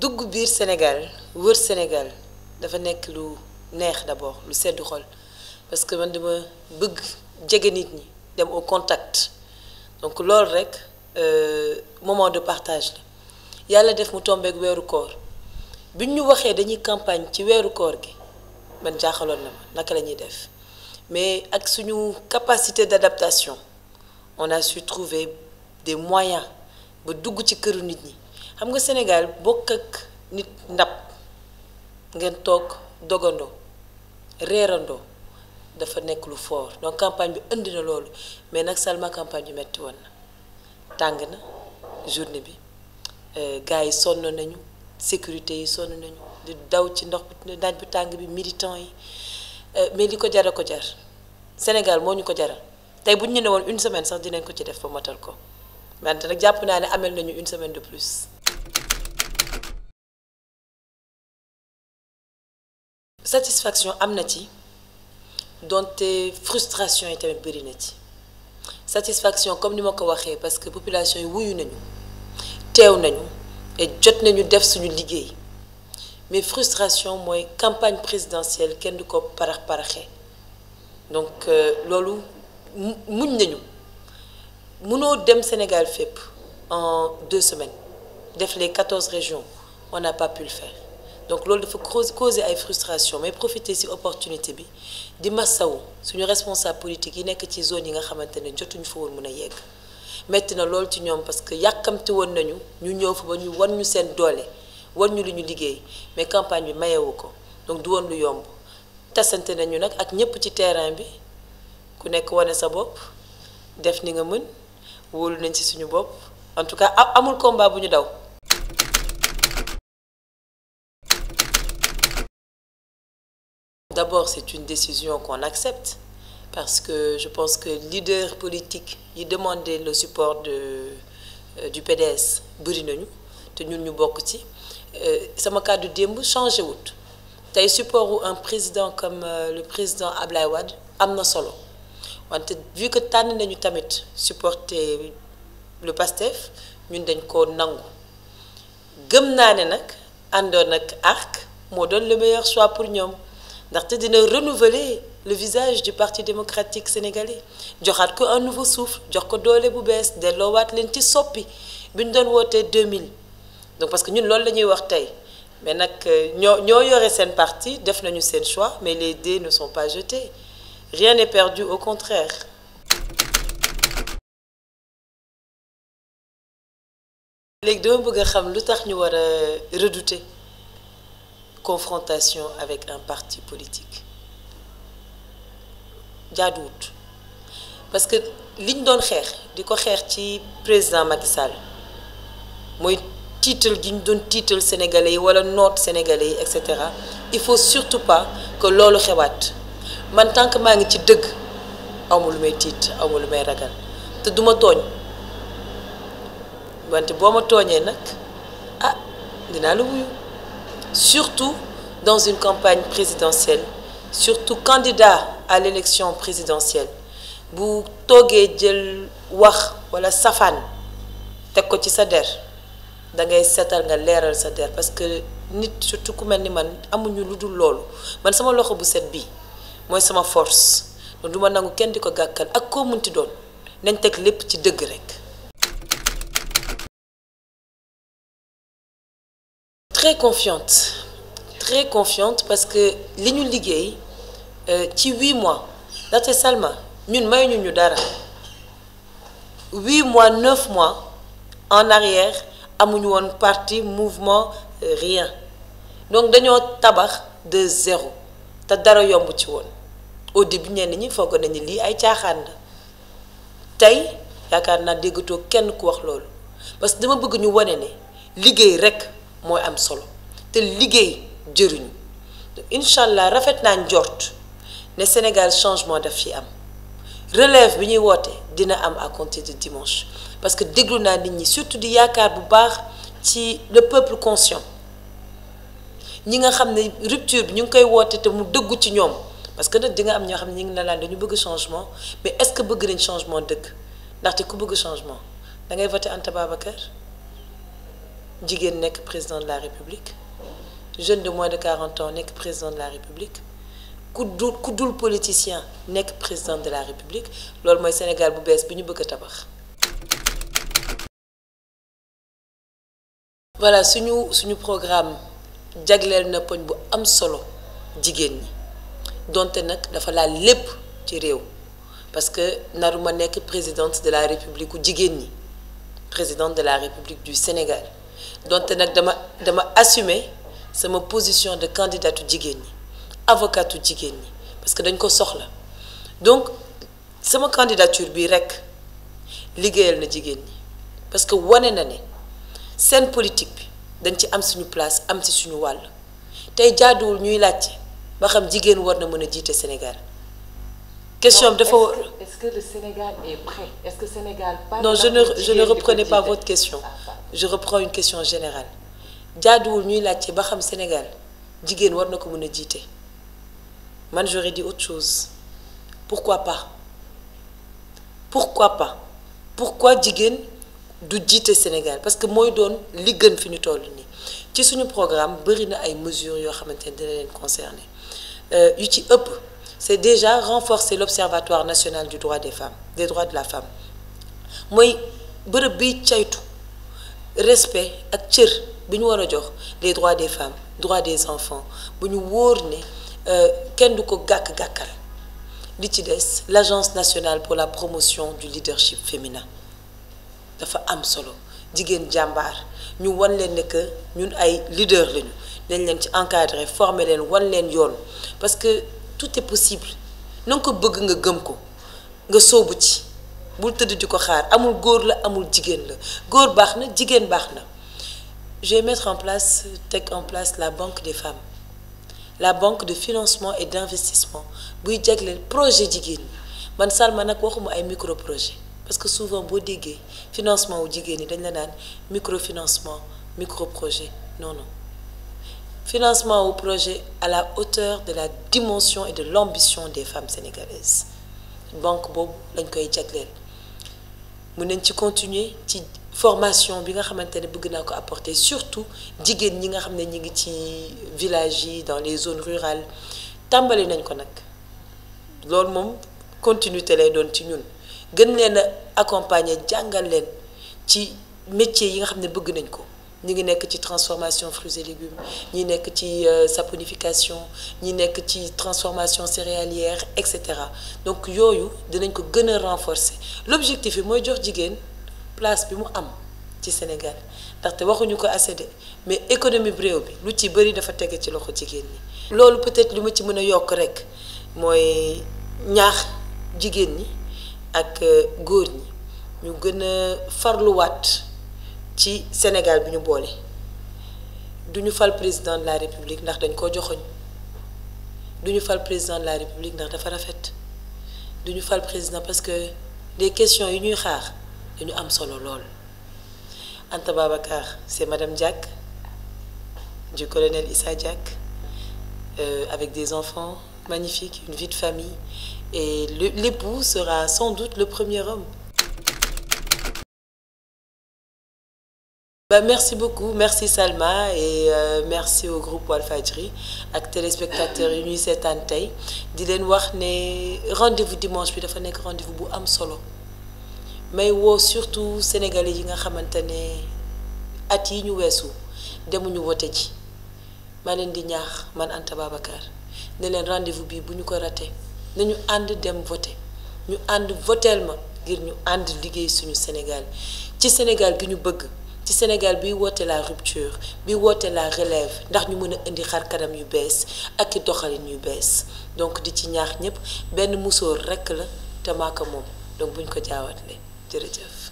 dugg biir Sénégal wër Sénégal dafa nekk lu neex d'abord lu sedd xol parce que man dama bëgg jege nit ñi dem au contact donc loolu rek euh, moment de partage la yàlla def mu tombeek weeru koor bi ñu waxee dañuy campagne ci weeru koor gi man jaaxaloon na ma naka la ñuy def mais ak suñu capacité d'adaptation on a su trouver des moyens ba dugg ci këru nit ñi xam nga Sénégal bokk ak nit ndab ngeen toog dogandoo reerandoo dafa nekk lu fort donc campagne bi indi na loolu mais nag seulement campagne bi metti woon na tàng na journée bi euh, gars yi sonn nañu sécurité yi sonn nañu di daw ci ndox bi naaj bi tàng bi militant yi euh, mais di ko jar a ko jar Sénégal moo ñu ko jaral tey bu ñu ne woon une semaine sax dinañ ko ci def ba matal ko wante nag jàpp naa ne amel nañu une semaine de plus satisfaction am na ci donte frustration yi tamit bëri na ci satisfaction comme ni ma ko waxee parce que population yi wuyu nañu teew nañu et jot nañu def suñu liggéey mais frustration mooy campagne présidentielle kenn du ko parax paraxee donc euh, loolu muñ nañu mënoo dem Sénégal fépp en deux semaines def les quatorze régions on n'a pas pu le faire. donc loolu dafa causer ay frustration mais profiter ci opportunité bi di massawu suñu responsable politique yi nekk ci zone yi nga xamante ne jotuñu fa woon mën a yegg metti na loolu ci ñoom parce que yàkkamti woon nañu ñu ñëw fa ba ñu wan ñu seen doole war ñu lu ñu liggéey mais campagne bi mayewu ko donc du woon lu yomb tasante nañu nag ak ñëpp ci terrain bi ku nekk wane sa bopp def ni nga mën wóolu nañ ci suñu bopp en tout cas amul combat bu ñu daw d'abord c'est une décision qu'on accepte parce que je pense que leader politique yi demandé le support de euh, du PDS bëri nañu te ñun ñu bokk ci euh, sama kàddu démb changé wut tey support wu un président comme euh, le président Ablaye Wade am na solo wante vu que tànn nañu tamit supporter le PASTEF ñun dañ koo nangu gëm naa ne nag àndoon nag ARC moo doon le meilleur choix pour ñoom ndaxte dina renouveler le visage du parti démocratique sénégalais joxaat ko un nouveau souffle jox ko doole bu bees delloowaat leen ci soppi bi ñu doon wootee 2000 donc parce que ñun loolu la ñuy wax tey mais nag euh, ñoo ñoo yore seen parti def nañu seen choix mais les dés ne sont pas jetés rien n'est perdu au contraire. bëgg a xam lu tax ñu war a redouter. confrontation avec un parti politique jaaduwut parce que liñ doon xeex di ko xeex ci président Macky Sall mooy tiital gi ñu doon tiital sénégalais yi wala noot sénégalais yi et cetera il faut surtout pas que loolu xewaat man tant que maa ngi ci dëgg amul may tiit amul may ragal te duma tooñ wante boo ma tooñee nag ah dinaa la wuyu surtout dans une campagne présidentielle surtout candidat à l'élection présidentielle bu toogee jël wax walla safaan teg ko ci sa der da ngay seetal nga leeral sa der parce que nit surtout ku mel ni man amuñu lu dul loolu man sama loxo bu set bi mooy sama force du ma nangu kenn di ko gàkkal ak koo munti doon nañ teg lépp ci dëgg rekk très confiante très confiante parce que li ñu liggéey euh, ci huit mois ndaxte Salma ñun mayuñu ñu dara huit mois neuf mois en arrière amuñu woon parti mouvement euh, rien donc dañoo tabax de zéro te dara yomb ci woon au début ñenn ñi foog nañu lii ay caaxaan la tey yaakaar naa déggatoo kenn ku wax loolu parce que dama bëgg ñu wane ne liggéey rek. mooy am solo te liggéey jëriñu incha allah rafet naa njort ne Sénégal changement def fi am relève bi ñuy woote dina am à compter de dimanche parce que déglu naa nit ñi surtout di yaakaar bu baax ci le peuple conscient ñi nga xam ne rupture bi ñu ngi koy woote te mu dëggu ci ñoom parce que nag di nga am ñoo xam ne ñu ngi na laan dañu bëgg changement mais est-ce que bëgg nañ changement dëgg ndaxte ku bëgg changement dangay ngay voter Anta Babacar jigéen nekk président de la république jeune de mois de 40 ans nekk président de la république ku dul ku dul politicien nekk président de la république loolu mooy Sénégal bu bees bi ñu bëgg a tabax. voilà suñu suñu programme jagleel na poñ bu am solo jigéen ñi donte nag dafa laal lépp ci réew parce que ma nekk présidente de la république ku jigéen ñi président de la république du Sénégal. donte nag dama dama assumer sama position de candidatu jigéen ñi avocatu jigéen ñi parce que dañ ko soxla donc sama candidature bii rekk liggéeyal na jigéen ñi parce que wane na ne seen politique bi dañ ci am suñu place am ci suñu wàll tey jaaduwul ñuy laajte ba xam jigéen war na mën a jiite Sénégal question bi dafa est Sénégal est ce que Sénégal pas Non, je ne, reprenais pas votre question. Ah, je reprends une question générale. jaaduwul ñuy laajte ba xam Sénégal jigéen war na ko mën a jiite man j'aurais dit autre chose pourquoi pas pourquoi pas pourquoi jigéen du jiite Sénégal parce que mooy doon li gën fi ñu toll nii ci suñu programme bëri na ay mesures yoo xamante ne dina leen concerné euh, yu ci ëpp. c'est déjà renforcer l'observatoire national du droit des femmes des droits de la femme mooy bërëb bi caytu respect ak cër bi ñu war a jox des droits des femmes droits des enfants bu ñu wóor ne euh, kenn du ko gàkk-gàkkal li ci des l'agence nationale pour la promotion du leadership féminin dafa am solo jigéen jàmbaar ñu wan leen ne que ñun ay leader lañu dañ leen ci encadrer forme leen wan leen yoon parce tout est possible na ko bëgg nga gëm ko nga soobu ci bul tëdd di ko xaar amul góor la amul jigéen la góor baax na jigéen baax na je mettre en place teg en place la banque des femmes la banque de financement et d'investissement buy jagleel projet jigéen ñi man Salma nag waxuma ay micro projet parce que souvent boo déggee financement wu jigéen ñi dañ la naan micro financement micro projet noonu financement au projet à la hauteur de la dimension et de l'ambition des femmes sénégalaises banque boobu lañ koy jagleel mën nañ ci continuer ci formation bi nga xamante ne bëgg naa ko apporte surtout jigéen ñi nga xam ne ñi ngi ci village yi dans les zones rurales tàmbali nañ ko nag loolu moom continuité lay doon ci ñun gën leen a accompagner jàngal leen ci métier yi nga xam ne bëgg nañ ko ñu ngi nekk ci transformation fruits et légumes ñi nekk ci euh, saponification ñi nekk ci transformation céréalière et cetera donc yooyu dinañ ko gën a renforcer l'objectif yi mooy jox jigéen place bi mu am ci Sénégal ndaxte waxuñu ko assez mais économie réew bi lu ci bëri dafa tege ci loxo jigéen ñi. loolu peut-être li ma ci mën a yokk rek mooy ñaax jigéen ñi ak euh, góor ñi ñu gën a farluwaat. ci Sénégal bi ñu boole duñu fal président de la république ndax dañ koo joxoñ duñu fal président de la république ndax dafa rafet du duñu fal président parce que des questions yu ñuy xaar ñu am solo lool Anta Babacar c'est madame Diack du colonel Issa Diack euh, avec des enfants magnifiques une vie de famille et l'époux sera sans doute le premier homme Bah merci beaucoup merci Salma e merci au groupe Walfadjri ak téléspectateurs yi ñuy seetaan tey di leen wax ne rendez-vous dimanche bi dafa nekk rendez bu am solo mais woo surtout sénégalais yi nga xamante ne at yi ñu weesu demuñu woote ji ma leen di ñaax man Anta Babacar ne leen rendez-vous bii bu ñu ko raté nañu ànd dem voté ñu ànd voteel ma ngir ñu ànd liggéey suñu Sénégal ci Sénégal gi ñu bëgg. ci Sénégal bi woote la rupture bi woote la relève ndax ñu mën a indi xar kanam yu bees ak i doxalin yu bees donc di ci ñaax ñëpp benn musóor rekk la te maaka moom donc buñ ko jaawatle jërëjëf